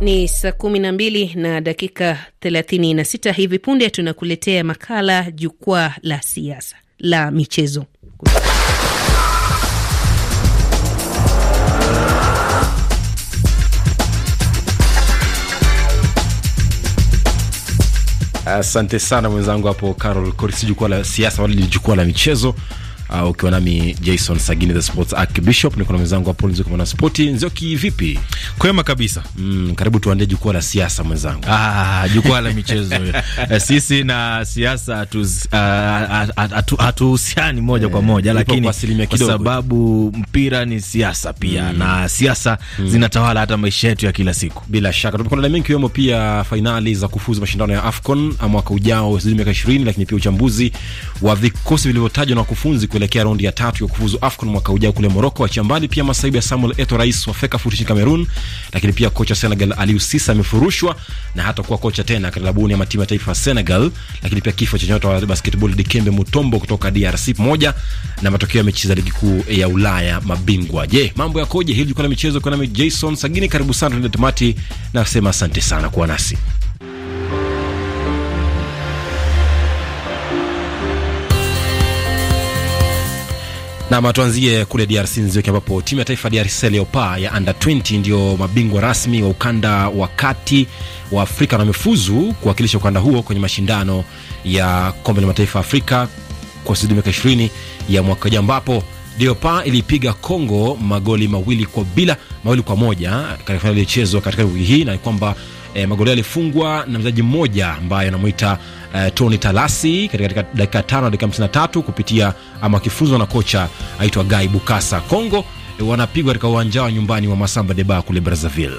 Ni saa kumi na mbili na dakika thelathini na sita. Hivi punde tunakuletea makala jukwaa la siasa la michezo. Asante sana mwenzangu hapo Carol Korisi. Jukwaa la siasa wala jukwaa la michezo uh, ukiwa nami Jason Sagini the Sports Archbishop, niko na mwenzangu hapo Nzioki mwana spoti. Nzioki, vipi? Kwema kabisa. Mm, karibu tuandie jukwaa la siasa mwenzangu. Ah, jukwaa la michezo eh, sisi na siasa ah, ah, hatuhusiani uh, moja yeah, kwa eh, moja lakini kwa, kwa sababu mpira ni siasa pia mm, na siasa mm, zinatawala hata maisha yetu ya kila siku. Bila shaka tumekuwa na mengi ikiwemo pia fainali za kufuzu mashindano ya AFCON mwaka ujao miaka 20 lakini pia uchambuzi wa vikosi vilivyotajwa na wakufunzi kuelekea raundi ya tatu ya kufuzu AFCON mwaka ujao kule Moroko. acha mbali pia masaibu ya Samuel Eto, rais wa FECAFOOT nchini Cameroon, lakini pia kocha Senegal Aliou Cisse amefurushwa na hata kuwa kocha tena klabuni ama timu ya taifa ya Senegal, lakini pia kifo cha nyota wa basketball Dikembe Mutombo kutoka DRC pamoja na matokeo ya mechi za ligi kuu ya Ulaya mabingwa. Je, mambo yakoje? Hili jukwaa la michezo kwa nami Jason Sagini, karibu sana tuende tamati na sema asante sana kuwa nasi. Nam, tuanzie kule DRC Nzioki, ambapo timu ya taifa DRC Leopard ya under 20 ndio mabingwa rasmi wa ukanda wa kati wa Afrika na wamefuzu kuwakilisha ukanda huo kwenye mashindano ya kombe la mataifa Afrika kwa sidi miaka 20 ya mwaka jana ambapo Leopa ilipiga Kongo magoli mawili kwa bila mawili kwa moja katika fainali iliyochezwa katika wiki hii, na kwamba E, magoli alifungwa na mchezaji mmoja ambaye anamuita e, eh, Tony Talasi katika dakika tano na dakika 53 kupitia ama akifunzwa na kocha aitwa gai Bukasa. Kongo e, wanapigwa katika uwanja wa nyumbani wa Masamba Deba kule Brazzaville.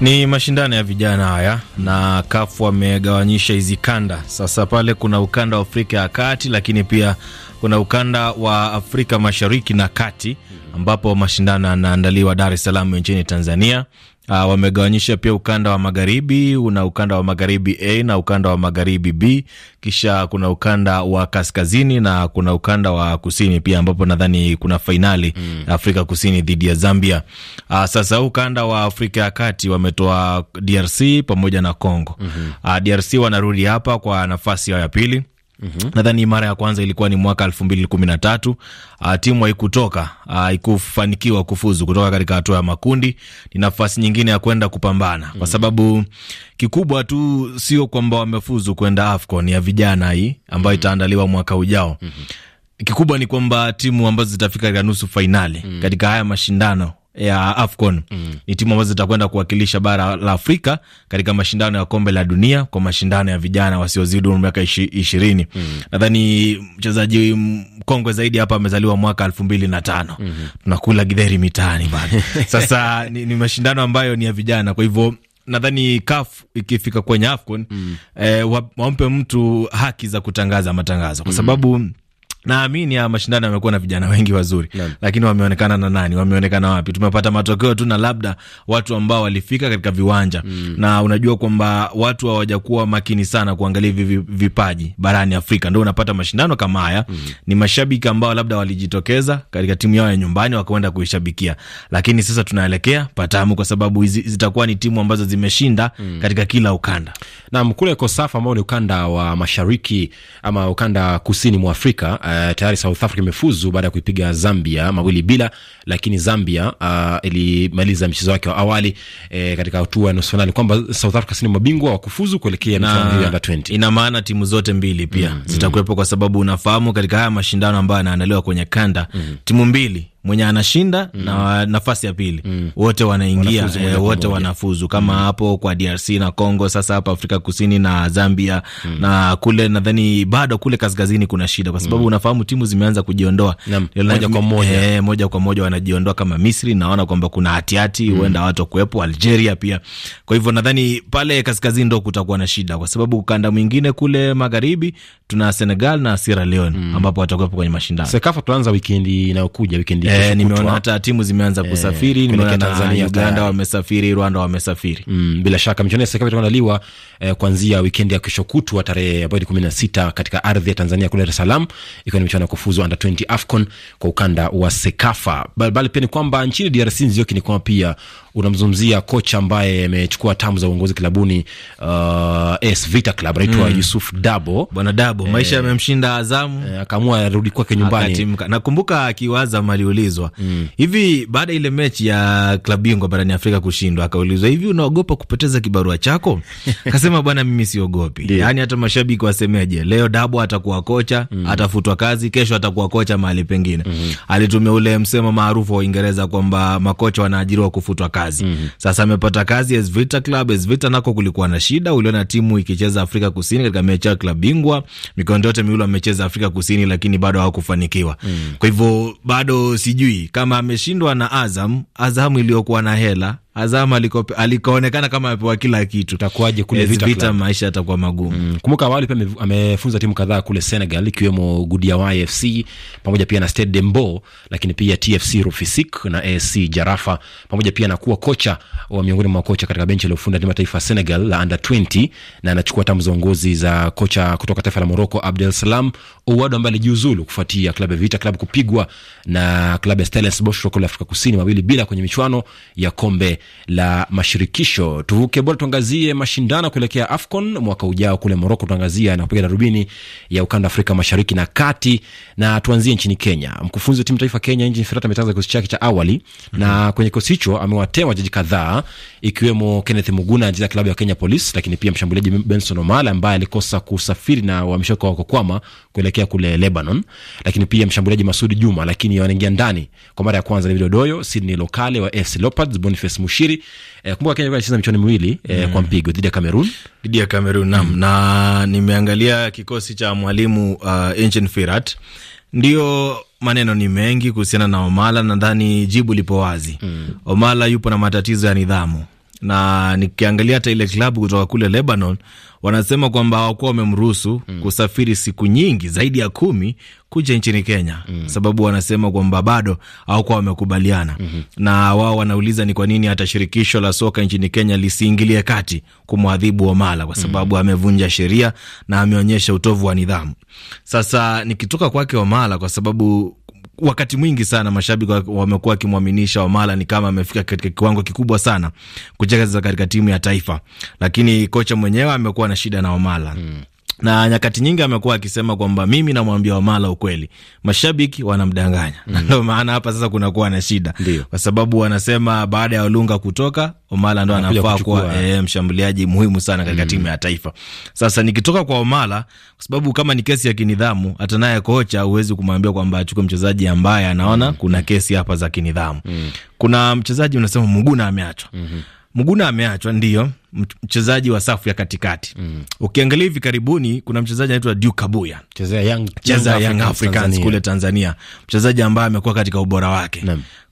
Ni mashindano ya vijana haya na kafu wamegawanyisha hizi kanda. Sasa pale kuna ukanda wa Afrika ya Kati, lakini pia kuna ukanda wa Afrika Mashariki na Kati ambapo mashindano yanaandaliwa Dar es Salaam nchini Tanzania. Uh, wamegawanyisha pia ukanda wa magharibi, una ukanda wa magharibi A na ukanda wa magharibi B, kisha kuna ukanda wa kaskazini na kuna ukanda wa kusini pia, ambapo nadhani kuna fainali mm. Afrika Kusini dhidi ya Zambia. Uh, sasa ukanda wa Afrika ya Kati wametoa DRC pamoja na Congo. mm -hmm. Uh, ah, DRC wanarudi hapa kwa nafasi yao ya pili Mm -hmm. Nadhani mara ya kwanza ilikuwa ni mwaka elfu mbili kumi na tatu. Ah, timu haikutoka ah, haikufanikiwa kufuzu kutoka katika hatua ya makundi. Ni nafasi nyingine ya kwenda kupambana, kwa mhm. sababu kikubwa tu sio kwamba wamefuzu kwenda AFCON ya vijana hii ambayo mhm. itaandaliwa mwaka ujao. Mhm. Kikubwa ni kwamba timu ambazo zitafika katika nusu fainali mm. katika haya mashindano ya AFCON mm. Ni timu ambazo zitakwenda kuwakilisha bara la Afrika katika mashindano ya kombe la dunia kwa mashindano ya vijana wasiozidi umri miaka ishirini. Mm. Nadhani mchezaji mkongwe zaidi hapa amezaliwa mwaka elfu mbili na tano. Mm -hmm. Tunakula githeri mitaani bado. Sasa ni, ni mashindano ambayo ni ya vijana, kwa hivyo nadhani CAF ikifika kwenye AFCON mm. eh, wampe mtu haki za kutangaza matangazo kwa mm-hmm. sababu mm. Naamini haya mashindano yamekuwa na vijana wengi wazuri Nani. Lakini wameonekana na nani? Wameonekana wapi? Tumepata matokeo tu na labda watu ambao walifika katika viwanja mm. Na unajua kwamba watu hawajakuwa makini sana kuangalia hivi vipaji barani Afrika, ndio unapata mashindano kama haya mm. Ni mashabiki ambao labda walijitokeza katika timu yao ya nyumbani wakaenda kuishabikia, lakini sasa tunaelekea patamu, kwa sababu hizi zitakuwa ni timu ambazo zimeshinda mm. katika kila ukanda. Naam, kule Kosafa ambao ni ukanda wa mashariki ama ukanda kusini mwa Afrika Eh, tayari South Africa imefuzu baada ya kuipiga Zambia mawili bila, lakini Zambia uh, ilimaliza mchezo wake wa awali eh, katika hatua ya nusu fainali kwamba South Africa sini mabingwa wa kufuzu kuelekea ya under 20. Ina maana timu zote mbili pia mm, zitakuwepo mm, kwa sababu unafahamu katika haya mashindano ambayo yanaandaliwa kwenye kanda mm, timu mbili mwenye anashinda mm. na nafasi ya pili mm. wote wanaingia wanafuzu eh, wote wanafuzu kama mm. hapo kwa DRC na Congo. Sasa hapa Afrika Kusini na Zambia mm. na kule nadhani bado kule kaskazini kuna shida, kwa sababu mm. unafahamu timu zimeanza kujiondoa moja kwa moja Eh, moja kwa moja wanajiondoa. Kama Misri naona kwamba kuna hatihati mm. huenda mm. watu kuwepo Algeria pia. Kwa hivyo nadhani pale kaskazini ndo kutakuwa na shida, kwa sababu ukanda mwingine kule magharibi tuna Senegal na Sierra Leone mm. ambapo watakuwepo kwenye mashindano. Sekafa tuanza wikendi inayokuja wikendi e, nimeona hata timu zimeanza e, kusafiri. Nimeona Tanzania, Uganda wamesafiri, Rwanda wamesafiri. Mm, bila shaka michuano ya Sekafa itaandaliwa eh, kuanzia wikendi ya kesho kutwa tarehe Aprili 16 katika ardhi ya Tanzania kule Dar es Salaam, ikiwa ni michuano ya kufuzu under 20 AFCON kwa ukanda wa Sekafa. Bali pia ni kwamba nchini DRC Nzioki, ni kwamba pia unamzungumzia kocha ambaye amechukua tamu za uongozi klabuni uh, AS Vita Club anaitwa mm. Yusuf Dabo, bwana Dabo, eh. maisha yamemshinda Azamu, eh, akaamua arudi kwake nyumbani. Nakumbuka akiwa Azam aliulizwa mm. hivi baada ya ile mechi ya klabu bingwa barani Afrika kushindwa, akaulizwa hivi, unaogopa kupoteza kibarua chako? Akasema bwana, mimi siogopi, yaani hata mashabiki wasemeje, leo Dabo atakuwa kocha mm. atafutwa kazi, kesho atakuwa kocha mahali pengine mm -hmm. alitumia ule msemo maarufu wa Uingereza kwamba makocha wanaajiriwa kufutwa kazi kazi mm. Sasa amepata kazi AS Vita Club. AS Vita nako kulikuwa na shida, uliona timu ikicheza Afrika Kusini katika mechi ya klabu bingwa, mikondo yote miwili amecheza Afrika Kusini, lakini bado hawakufanikiwa mm. Kwa hivyo bado sijui kama ameshindwa na Azam, Azam iliyokuwa na hela Azam alikaonekana kama amepewa kila kitu. Takuaje kule Vita, Vita maisha atakuwa magumu. Mm. Kumbuka awali pia amefunza timu kadhaa kule Senegal ikiwemo Gudia YFC pamoja pia na Stade Dembo, lakini pia TFC Rufisik na AC Jarafa pamoja pia na kuwa kocha wa miongoni mwa kocha katika benchi aliofunda timu taifa Senegal la under 20 na anachukua tamu za uongozi za kocha kutoka taifa la Morocco Abdel Salam Ouad ambaye alijiuzulu kufuatia klabu ya Vita Club kupigwa na klabu ya Stellenbosch kule Afrika Kusini mawili bila kwenye michuano ya kombe la mashirikisho. Tuvuke bora, tuangazie mashindano kuelekea AFCON mwaka ujao kule Moroko. Tuangazia na kupiga darubini ya ukanda Afrika mashariki na kati, na tuanzie nchini Kenya. Mkufunzi wa timu taifa Kenya Engin Firat ametangaza kikosi chake cha awali, mm -hmm. na kwenye kikosi hicho amewatema wachezaji kadhaa ikiwemo Kenneth Muguna anacheza klabu ya Kenya Police, lakini pia mshambuliaji Benson Omala ambaye alikosa kusafiri na wameshoka wako kwama kuelekea kule Lebanon, lakini pia mshambuliaji Masudi Juma, lakini wanaingia ndani kwa mara ya kwanza ni Vidodoyo Sydney Lokale wa AFC Leopards, Boniface Mushiri. E, kumbuka Kenya inacheza michuano miwili e, mm. kwa mpigo dhidi ya Cameroon, dhidi ya Cameroon nam mm. na nimeangalia kikosi cha mwalimu uh, Engin Firat ndio maneno ni mengi kuhusiana na Omala. Nadhani jibu lipo wazi mm. Omala yupo na matatizo ya nidhamu na nikiangalia hata ile klabu kutoka kule Lebanon wanasema kwamba hawakuwa wamemruhusu mm. kusafiri siku nyingi zaidi ya kumi kuja nchini Kenya mm. sababu wanasema kwamba bado hawakuwa wamekubaliana mm -hmm. na wao wanauliza ni kwa nini hata shirikisho la soka nchini Kenya lisiingilie kati kumwadhibu Omala kwa mm-hmm. sababu mm. amevunja sheria na ameonyesha utovu wa nidhamu. Sasa nikitoka kwake Omala kwa sababu wakati mwingi sana mashabiki wamekuwa wakimwaminisha Wamala ni kama amefika katika kiwango kikubwa sana kucheza katika timu ya taifa, lakini kocha mwenyewe amekuwa na shida na Wamala mm na nyakati nyingi amekuwa akisema kwamba mimi namwambia Wamala ukweli, mashabiki wanamdanganya mm. Ndio maana hapa sasa kunakuwa na shida, kwa sababu wanasema baada ya Olunga kutoka Omala ndo anafaa kuwa eh, mshambuliaji muhimu sana katika mm. timu ya taifa. Sasa nikitoka kwa Omala, kwa sababu kama ni kesi ya kinidhamu, hata naye kocha huwezi kumwambia kwamba achukue mchezaji ambaye anaona mm. kuna kesi hapa za kinidhamu mm. kuna mchezaji unasema Muguna ameachwa mm -hmm Mguna ameachwa ndio mchezaji wa safu ya katikati mm. Ukiangalia hivi karibuni kuna mchezaji anaitwa Duke Kabuya cheza Young, Young Africans Tanzania, kule Tanzania, mchezaji ambaye amekuwa katika ubora wake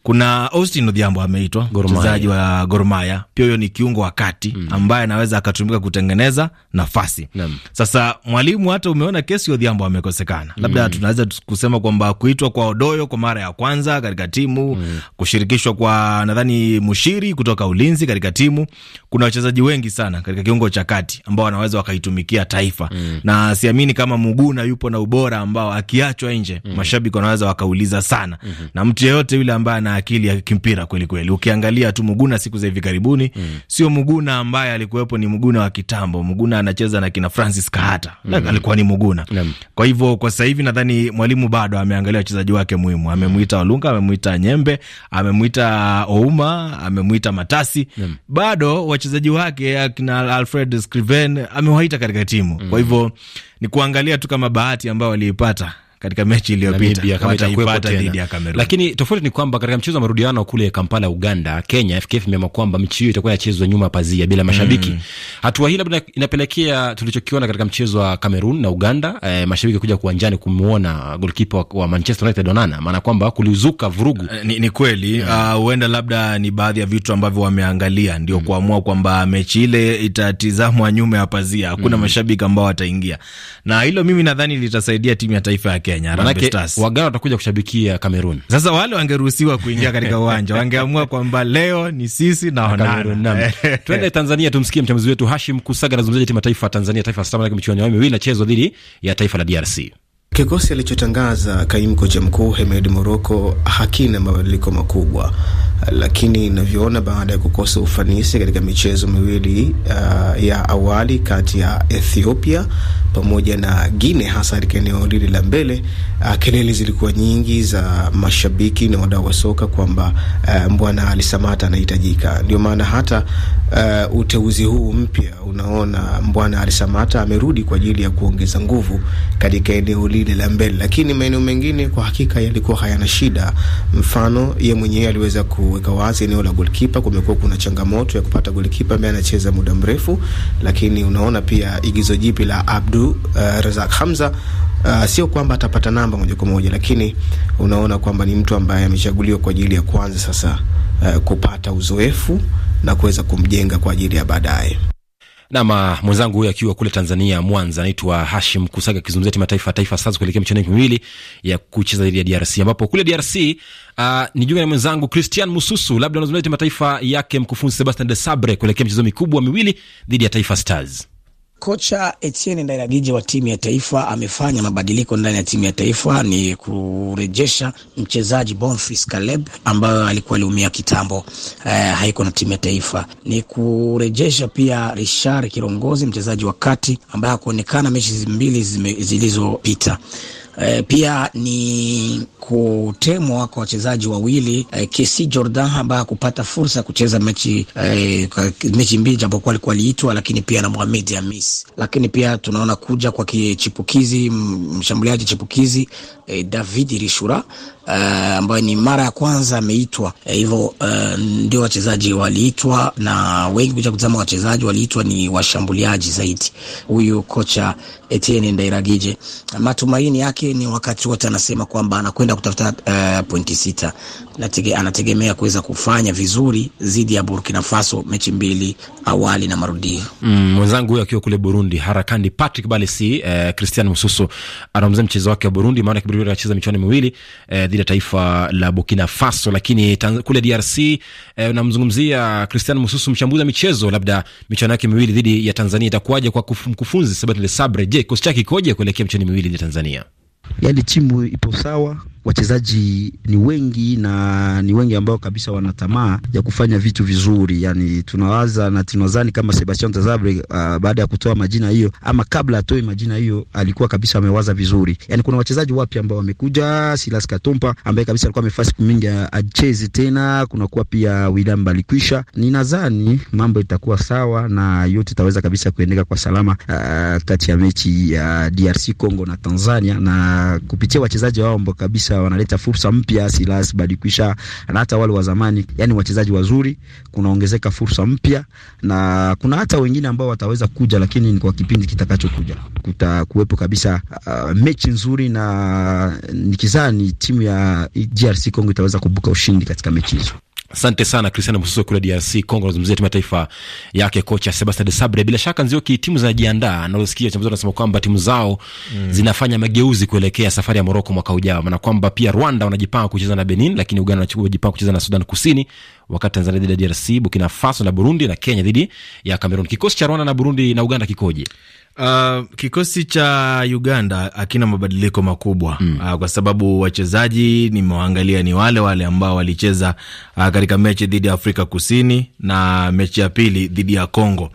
kuna Austin Odhiambo ameitwa mchezaji wa Gor Mahia, pia huyo ni kiungo wa kati mm, ambaye anaweza akatumika kutengeneza nafasi mm. Sasa mwalimu, hata umeona kesi Odhiambo amekosekana, labda mm. tunaweza kusema kwamba kuitwa kwa Odoyo kwa mara ya kwanza katika timu mm, kushirikishwa kwa nadhani Mushiri kutoka ulinzi katika timu. Kuna wachezaji wengi sana katika kiungo cha kati ambao wanaweza wakaitumikia taifa mm, na siamini kama Muguna yupo na ubora ambao akiachwa nje mm, mashabiki wanaweza wakauliza sana mm -hmm. na mtu yeyote yule ambaye ana akili ya kimpira kweli kweli. Ukiangalia tu Muguna siku za hivi karibuni mm. sio Muguna ambaye alikuwepo, ni Muguna wa kitambo. Muguna anacheza na kina Francis Kahata mm. alikuwa ni Muguna mm. kwa hivyo kwa sasa hivi nadhani mwalimu bado ameangalia wachezaji wake muhimu, amemwita Olunga, amemwita Nyembe, amemwita Ouma, amemwita Matasi mm. bado wachezaji wake akina Alfred Scriven amewaita katika timu mm. kwa hivyo ni kuangalia tu kama bahati ambayo waliipata katika mechi iliyopita dhidi ya Kamerun. Lakini tofauti ni kwamba katika mchezo wa marudiano kule Kampala, Uganda, Kenya, FKF imeamua kwamba mechi hiyo itakuwa yachezwa nyuma pazia bila mashabiki. Mm. Hatua hii labda inapelekea tulichokiona katika mchezo wa Kamerun na Uganda, eh, mashabiki kuja kuwanjani kumuona goalkeeper wa, wa Manchester United Onana, maana kwamba kulizuka vurugu. Eh, ni, ni kweli mm. ah, huenda, yeah. Uh, labda ni baadhi ya vitu ambavyo wameangalia ndio mm. kuamua kwamba mechi ile itatizamwa nyuma ya pazia, hakuna mm. mashabiki ambao wataingia, na hilo mimi nadhani litasaidia timu ya taifa ya Kenya Kenya, watakuja kushabikia Kamerun. Sasa wale wangeruhusiwa kuingia katika uwanja, wangeamua kwamba leo ni sisi na Onana. Twende Tanzania tumsikie mchambuzi wetu Hashim Kusaga anazungumzaje timu taifa Tanzania Taifa Stars katika michuano yao miwili inachezwa dhidi ya taifa la DRC. Kikosi alichotangaza kaimu kocha mkuu Hemed Moroko hakina mabadiliko makubwa lakini inavyoona baada ya kukosa ufanisi katika michezo miwili uh, ya awali kati ya Ethiopia pamoja na Guinea, hasa katika eneo lile la mbele. Uh, kelele zilikuwa nyingi za mashabiki na wadau wa soka kwamba uh, Mbwana Ali Samata anahitajika. Ndio maana hata uh, uteuzi huu mpya unaona Mbwana Ali Samata amerudi kwa ajili ya kuongeza nguvu katika eneo lile la mbele, lakini maeneo mengine kwa hakika yalikuwa hayana shida. Mfano, ye mwenyewe aliweza ku kuweka wazi eneo la golikipa, Kumekuwa kuna changamoto ya kupata golkipa ambaye anacheza muda mrefu, lakini unaona pia igizo jipi la Abdu uh, eh, Razak Hamza Uh, sio kwamba atapata namba moja kwa moja, lakini unaona kwamba ni mtu ambaye amechaguliwa kwa ajili ya kwanza sasa, uh, kupata uzoefu na kuweza kumjenga kwa ajili ya baadaye. Nam ah, mwenzangu huyo akiwa kule Tanzania, Mwanza, anaitwa Hashim Kusaga akizungumzia timu ya taifa Taifa Stars kuelekea michuano miwili ya kucheza dhidi ya DRC, ambapo kule DRC uh, ah, ni junga na mwenzangu Christian Mususu, labda anazungumzia timu ya taifa yake mkufunzi Sebastian de Sabre kuelekea michezo mikubwa miwili dhidi ya Taifa Stars. Kocha Etienne Ndairagije wa timu ya taifa amefanya mabadiliko ndani ya timu ya taifa, ni kurejesha mchezaji Bonfils Kaleb ambayo alikuwa aliumia kitambo, eh, haiko na timu ya taifa. Ni kurejesha pia Richard Kirongozi, mchezaji wa kati ambaye hakuonekana mechi mbili zilizopita. E, pia ni kutemwa kwa wachezaji wawili e, eh, KC Jordan ambaye hakupata fursa ya kucheza mechi e, mechi mbili japokuwa alikuwa aliitwa, lakini pia na Mohamed amis Lakini pia tunaona kuja kwa kichipukizi mshambuliaji chipukizi e, David Rishura uh, ambayo ni mara ya kwanza ameitwa eh, hivyo. Uh, ndio wachezaji waliitwa, na wengi kuja kutazama wachezaji waliitwa ni washambuliaji zaidi. Huyu kocha Etienne Ndairagije, matumaini yake ni wakati wote anasema kwamba anakwenda kutafuta uh, pointi sita. Natege, anategemea kuweza kufanya vizuri dhidi ya Burkina Faso mechi mbili awali na marudio. Mm, mwenzangu huyo akiwa kule Burundi harakandi Patrick Balesi, eh, Christian Mususu anamzungumzia mchezo wake wa Burundi, maana Burundi anacheza michuano miwili eh, dhidi ya taifa la Burkina Faso. Lakini kule DRC eh, namzungumzia Christian Mususu, mchambuzi wa michezo. Labda michuano yake miwili dhidi ya Tanzania itakuwaje kwa mkufunzi Sabatile Sabre? Je, kikosi chake kikoje kuelekea michuano miwili dhidi ya Tanzania? Yani timu ipo sawa wachezaji ni wengi na ni wengi ambao kabisa wana tamaa ya kufanya vitu vizuri. Yani tunawaza na tunazani kama Sebastian Tazabre uh, ah, baada ya kutoa majina hiyo ama kabla atoe majina hiyo alikuwa kabisa amewaza vizuri. Yani kuna wachezaji wapya ambao wamekuja, Silas Katumpa ambaye kabisa alikuwa amefaa siku mingi acheze tena, kuna kuwa pia William Balikwisha. Ninadhani mambo itakuwa sawa na yote itaweza kabisa kuendeka kwa salama uh, kati ya mechi ya uh, DRC Congo na Tanzania na kupitia wachezaji wao ambao kabisa wanaleta wanaleta fursa mpya, si lazima badikisha na hata wale wa zamani, yani wachezaji wazuri, kunaongezeka fursa mpya na kuna hata wengine ambao wataweza kuja, lakini ni kwa kipindi kitakachokuja kutakuwepo kabisa uh, mechi nzuri na nikizani timu ya GRC Congo itaweza kubuka ushindi katika mechi hizo. Asante sana Cristiano Mususo kule DRC Congo, anazungumzia timu ya taifa yake kocha de Desabre. Bila shaka Nzioki, timu zinajiandaa, nalosikia wachambuzi wanasema kwamba timu zao mm, zinafanya mageuzi kuelekea safari ya Moroko mwaka ujao, maana kwamba pia Rwanda wanajipanga kucheza na Benin, lakini Uganda wanajipanga kucheza na Sudan Kusini, wakati Tanzania dhidi ya DRC, Burkina Faso na Burundi na Kenya dhidi ya Cameroon. Kikosi cha Rwanda na Burundi na Uganda kikoje? Uh, kikosi cha Uganda hakina mabadiliko makubwa mm. Uh, kwa sababu wachezaji nimewaangalia ni wale wale ambao walicheza uh, katika mechi dhidi ya Afrika Kusini na mechi ya pili dhidi ya congo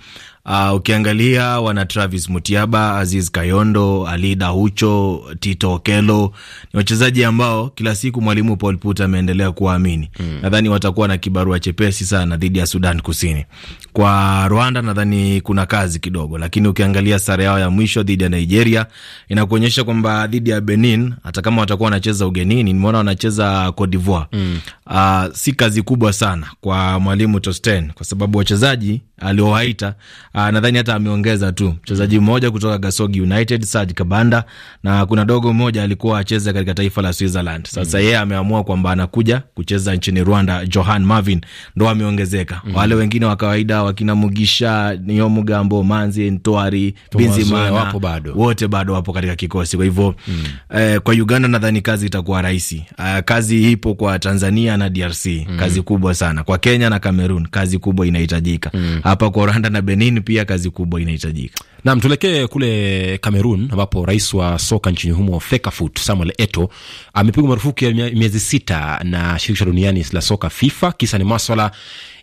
Uh, ukiangalia wana Travis Mutiaba, Aziz Kayondo, Ali Daucho, Tito Okelo ni wachezaji ambao kila siku mwalimu Paul Put ameendelea kuwaamini. Mm. Nadhani watakuwa na kibarua chepesi sana dhidi ya Sudan Kusini. Kwa Rwanda nadhani kuna kazi kidogo, lakini ukiangalia sare yao ya mwisho dhidi ya Nigeria inakuonyesha kwamba dhidi ya Benin, hata kama watakuwa wanacheza ugenini, nimeona wanacheza Cote d'Ivoire. Mm. Uh, si kazi kubwa sana kwa mwalimu Tosten kwa sababu wachezaji aliowaita Uh, nadhani hata ameongeza tu mchezaji mmoja kutoka Gasogi United, Serge Kabanda, na kuna dogo mmoja alikuwa acheza katika taifa la Switzerland. Sasa mm. yeye mm. ameamua kwamba anakuja kucheza nchini Rwanda, Johan Marvin ndo ameongezeka. mm. Wale wengine wa kawaida wakina Mugisha, Nyomugambo, Manzi, Ntwari, Binzimana wapo bado, wote bado wapo katika kikosi. Kwa hivyo mm. eh, kwa Uganda nadhani kazi itakuwa rahisi. Uh, kazi ipo kwa Tanzania na DRC, mm. kazi kubwa sana. Kwa Kenya na Cameroon kazi kubwa inahitajika. mm. Hapa kwa Rwanda na Benin pia kazi kubwa inahitajika. Nam, tuelekee kule cameron ambapo rais wa soka nchini humo Fekafut Samuel Eto amepigwa marufuku ya miezi sita na shirikisho duniani la soka FIFA. Kisa ni maswala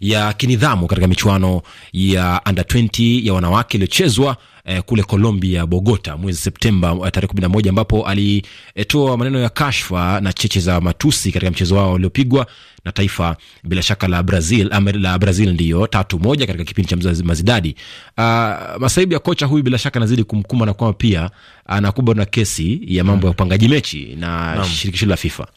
ya kinidhamu katika michuano ya under 20 ya wanawake iliyochezwa eh, kule Colombia, Bogota mwezi Septemba eh, tarehe kumi na moja ambapo alitoa maneno ya kashfa na cheche za matusi katika mchezo wao uliopigwa na taifa bila shaka la Brazil, la Brazil ndiyo tatu moja katika kipindi cha mazidadi. Uh, masaibu ya kocha huyu bila shaka anazidi kumkuma na kwamba pia anakumbwa ah, na kesi ya mambo ya upangaji mechi na shirikisho la FIFA.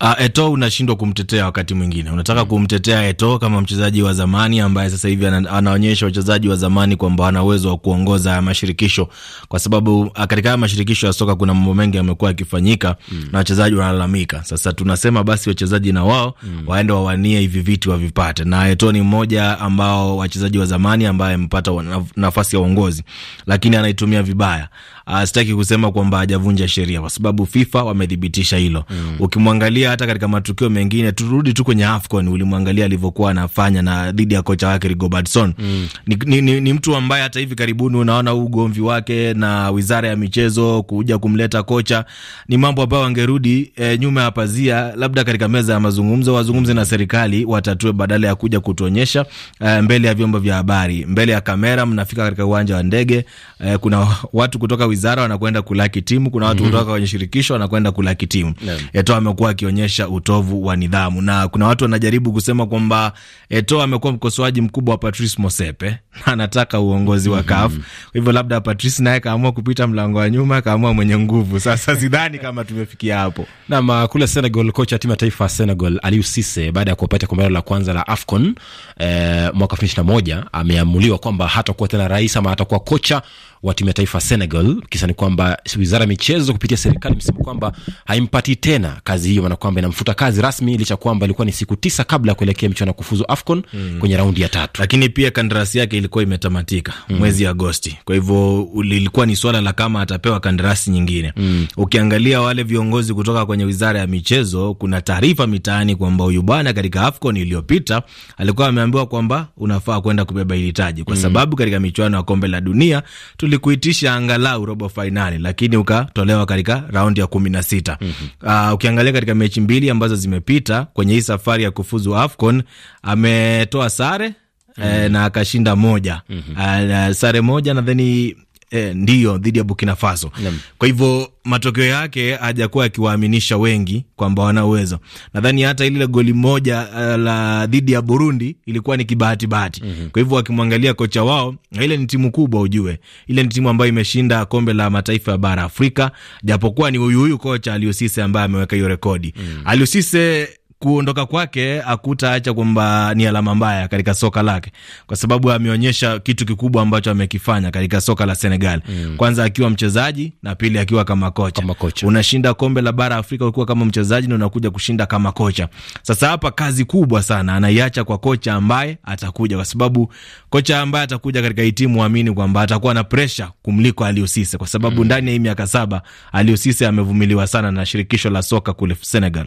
Uh, ah, Eto unashindwa kumtetea wakati mwingine, unataka kumtetea Eto kama mchezaji wa zamani ambaye sasa hivi anaonyesha wachezaji wa zamani kwamba ana uwezo wa kuongoza haya mashirikisho, kwa sababu ah, katika haya mashirikisho ya soka kuna mambo mengi yamekuwa yakifanyika mm. na wachezaji wanalalamika. Sasa tunasema basi wachezaji na wao mm. waende wawanie hivi viti wavipate, na Eto ni mmoja ambao wachezaji wa zamani ambaye amepata nafasi ya uongozi, lakini anaitumia vibaya. Uh, sitaki kusema kwamba hajavunja sheria kwa sababu FIFA wamethibitisha hilo mm. ukimwa ulimwangalia hata katika matukio mengine, turudi tu kwenye AFCON, ulimwangalia alivyokuwa anafanya na dhidi ya kocha wake Rigobertson mm. Ni, ni, ni, ni mtu ambaye hata hivi karibuni unaona ugomvi wake na wizara ya michezo kuja kumleta kocha, ni mambo ambayo wangerudi e, eh, nyuma ya pazia, labda katika meza ya mazungumzo wazungumze na serikali watatue, badala ya kuja kutuonyesha e, mbele ya vyombo vya habari, mbele ya kamera. Mnafika katika uwanja wa ndege e, kuna watu kutoka wizara wanakwenda kulaki timu, kuna watu mm -hmm. kutoka kwenye shirikisho wanakwenda kulaki timu yeah. Yatoa amekuwa akionyesha utovu wa nidhamu, na kuna watu wanajaribu kusema kwamba Eto amekuwa mkosoaji mkubwa wa Patrice Motsepe na anataka uongozi wa mhm. CAF. Kwa hivyo labda Patrice naye kaamua kupita mlango wa nyuma, kaamua mwenye nguvu. Sasa sidhani kama tumefikia hapo. Na uh, kule Senegal, kocha timu ya taifa ya Senegal Aliou Cisse baada ya kuwapata kombe la kwanza la AFCON eh, mwaka 2021 ameamuliwa kwamba hatakuwa tena rais ama hatakuwa kocha wa timu ya taifa Senegal. Kisa ni kwamba wizara ya michezo kupitia serikali imesema kwamba haimpati tena kazi hiyo, maana kwamba inamfuta kazi rasmi, licha kwamba ilikuwa ni siku tisa kabla ya kuelekea michuano ya kufuzu AFCON mm. kwenye raundi ya tatu, lakini pia kandarasi yake ilikuwa imetamatika mm. mwezi Agosti. Kwa hivyo lilikuwa ni swala la kama atapewa kandarasi nyingine mm. Ukiangalia wale viongozi kutoka kwenye wizara ya michezo, kuna taarifa mitaani kwamba huyu bwana katika AFCON iliyopita alikuwa ameambiwa kwamba unafaa kwenda kubeba hili taji kwa mm. sababu katika michuano ya kombe la dunia tuli ulikuitisha angalau robo fainali, lakini ukatolewa katika raundi ya kumi na sita. mm -hmm. Uh, ukiangalia katika mechi mbili ambazo zimepita kwenye hii safari ya kufuzu AFCON ametoa sare Mm -hmm. na akashinda moja. mm -hmm. Uh, sare moja theni eh, ndiyo dhidi ya Burkina Faso Kwa hivyo matokeo yake hajakuwa akiwaaminisha wengi kwamba wana uwezo. Nadhani hata ile goli moja uh, la dhidi ya Burundi ilikuwa ni kibahati bahati. mm -hmm. Kwa hivyo wakimwangalia kocha wao, ile ni timu kubwa, ujue ile ni timu ambayo imeshinda kombe la mataifa ya bara Afrika, japokuwa ni huyu huyu kocha Aliosise ambaye ameweka hiyo rekodi. mm -hmm. Aliosise kuondoka kwake hakutaacha kwamba ni alama mbaya katika soka lake, kwa sababu ameonyesha kitu kikubwa ambacho amekifanya katika soka la Senegal mm. Kwanza akiwa mchezaji na pili akiwa kama kocha. Kama kocha unashinda kombe la bara Afrika ukiwa kama mchezaji na unakuja kushinda kama kocha. Sasa hapa kazi kubwa sana anaiacha kwa kocha ambaye atakuja, kwa sababu kocha ambaye atakuja katika hii timu amini kwamba atakuwa na presha kumliko aliosise, kwa sababu mm. ndani ya hii miaka saba aliosise amevumiliwa sana na shirikisho la soka kule Senegal.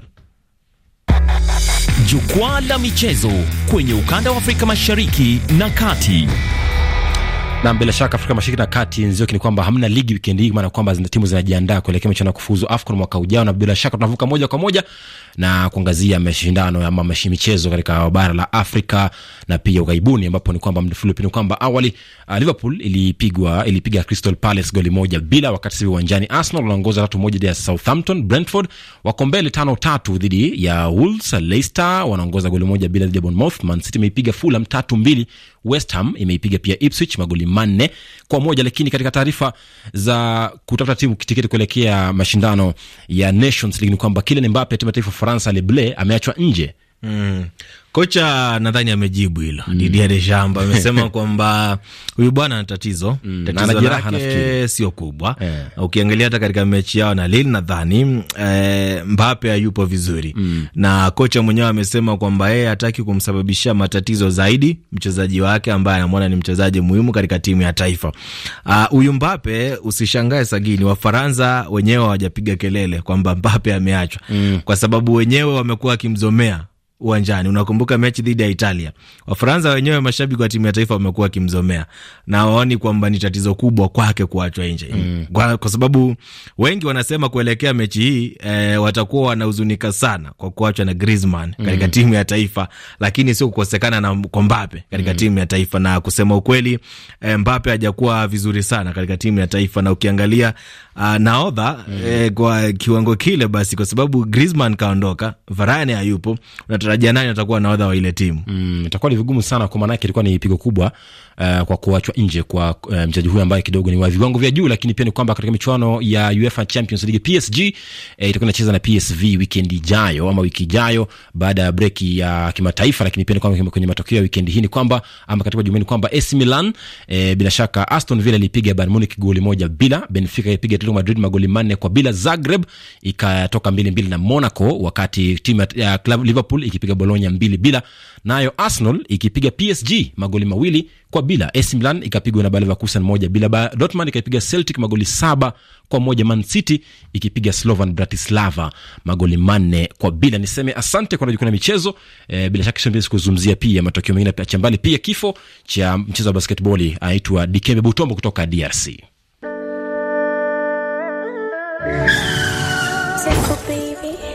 Jukwaa la michezo kwenye ukanda wa Afrika Mashariki na Kati. Na bila shaka Afrika Mashariki na Kati, Nzioki, ni kwamba hamna ligi wikendi hii, maana kwamba zina timu zinajiandaa kuelekea mechi na kufuzu AFCON mwaka ujao, na bila shaka tunavuka moja kwa moja na kuangazia mashindano ama michezo katika bara la Afrika na pia ughaibuni, ambapo ni kwamba mdafulupi ni kwamba awali uh, Liverpool ilipigwa ilipiga Crystal Palace goli moja bila wakati sivi uwanjani. Arsenal wanaongoza tatu moja dhidi ya Southampton. Brentford wako mbele tano tatu dhidi ya Wolves. Leicester wanaongoza goli moja bila dhidi ya Bournemouth. Man City imeipiga Fulham tatu mbili West Ham imeipiga pia Ipswich magoli manne kwa moja. Lakini katika taarifa za kutafuta timu tiketi kuelekea mashindano ya Nations League ni kwamba Kylian Mbappe timu ya taifa Faransa Leble ameachwa nje Mm. Kocha nadhani amejibu hilo. Mm. Didier Deschamps amesema kwamba huyu bwana ana tatizo, mm. tatizo la nafikiri sio kubwa. Yeah. Ukiangalia hata katika mechi yao na Lille nadhani e, Mbappe hayupo vizuri. Mm. Na kocha mwenyewe amesema kwamba yeye hataki kumsababishia matatizo zaidi mchezaji wake ambaye anamwona ni mchezaji muhimu katika timu ya taifa. Ah, huyu uh, Mbappe usishangae sagini, Wafaransa wenyewe hawajapiga kelele kwamba Mbappe ameachwa. Mm. Kwa sababu wenyewe wamekuwa wakimzomea uwanjani. Unakumbuka mechi dhidi ya Italia, Wafaransa wenyewe, mashabiki wa timu ya taifa wamekuwa wakimzomea na waoni kwamba ni tatizo kubwa kwake kuachwa nje mm. Kwa, kwa sababu wengi wanasema kuelekea mechi hii e, watakuwa wanahuzunika sana kwa kuachwa na Griezmann katika mm. timu ya taifa, lakini sio kukosekana na kwa Mbappe katika mm. timu ya taifa. Na kusema ukweli, e, Mbappe hajakuwa vizuri sana katika timu ya taifa, na ukiangalia uh, ah, naodha mm. eh, kwa kiwango kile basi, kwa sababu Griezmann kaondoka, Varane hayupo, unatarajia nani atakuwa naodha wa ile timu? Mm, itakuwa ni vigumu sana, kwa maanake ilikuwa ni pigo kubwa uh, kwa kuachwa nje kwa uh, mchezaji huyu ambaye kidogo ni wa viwango vya juu, lakini pia ni kwamba katika michuano ya UEFA Champions League PSG eh, itakuwa inacheza na PSV weekend ijayo ama wiki ijayo baada ya break ya kimataifa, lakini pia ni kwamba kwenye matokeo ya weekend hii ni kwamba ama katika jumla ni kwamba AC Milan eh, bila shaka Aston Villa ilipiga Bayern Munich goli moja bila, Benfica ilipiga Atletico Madrid magoli manne kwa bila, Zagreb ikatoka mbili mbili na Monaco, wakati timu ya uh, Liverpool ikipiga Bologna mbili bila, nayo Arsenal ikipiga PSG magoli mawili kwa bila. AC Milan ikapigwa na Bayer Leverkusen moja bila ba, Dortmund ikaipiga Celtic magoli saba kwa moja. Man City ikipiga Slovan Bratislava magoli manne kwa bila. Niseme asante kwa kujukwaa michezo e, bila shaka sio kuzungumzia pia matokeo mengine ya chambali, pia kifo cha mchezo wa basketball aitwa Dikembe Butombo kutoka DRC. Simple, baby.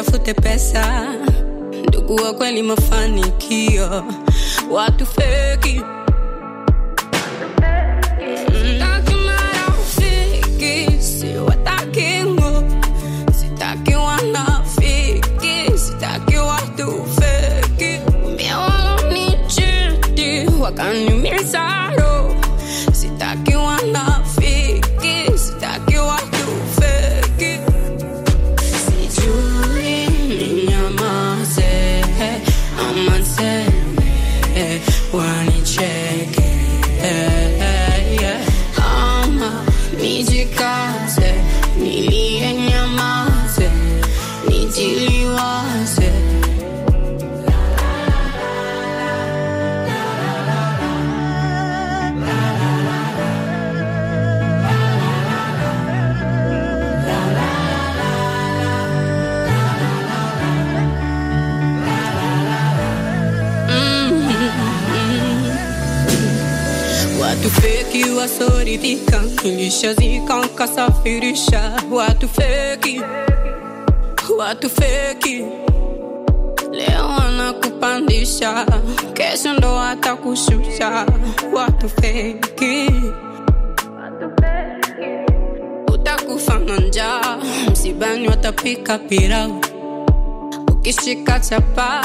nitafute pesa, ndugu wa kweli mafanikio, watu feki zikiwa soridhika, tulishazika nkasafirisha watu feki, watu feki. Leo wanakupandisha, kesho ndo watakushusha, watu feki, watu njaa, msibani watapika pilau, ukishika chapa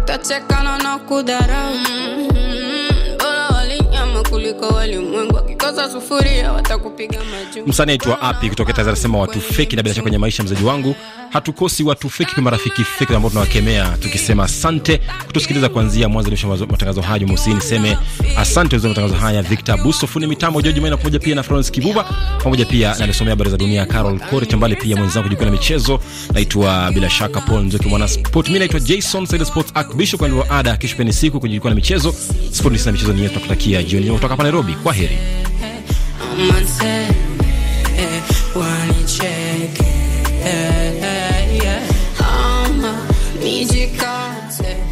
utachekana na kudharau mm kuliko walimwengu Msanii aitwa Api kutoka Tanzania anasema watu feki na biashara kwenye maisha. Mzaji wangu, hatukosi watu feki kwa marafiki feki ambao tunawakemea, tukisema asante kutusikiliza kuanzia mwanzo mwisho matangazo haya. Msanii niseme asante kwa matangazo haya. Victor Buso fundi mitambo, George Maina pamoja pia na Florence Kibuba pamoja pia na nisomea habari za dunia Carol Kore Chambali, pia mwenzangu jukwaa la michezo, naitwa bila shaka Paul Nzoki mwana sport. Mimi naitwa Jason Said Sports Archbishop kwa ndio ada kesho, peni siku kwenye jukwaa la michezo. Sport ni sana michezo ni yetu, tunakutakia jioni kutoka hapa Nairobi. Kwa heri. romantic. Eh, eh, eh, yeah, wanna check it.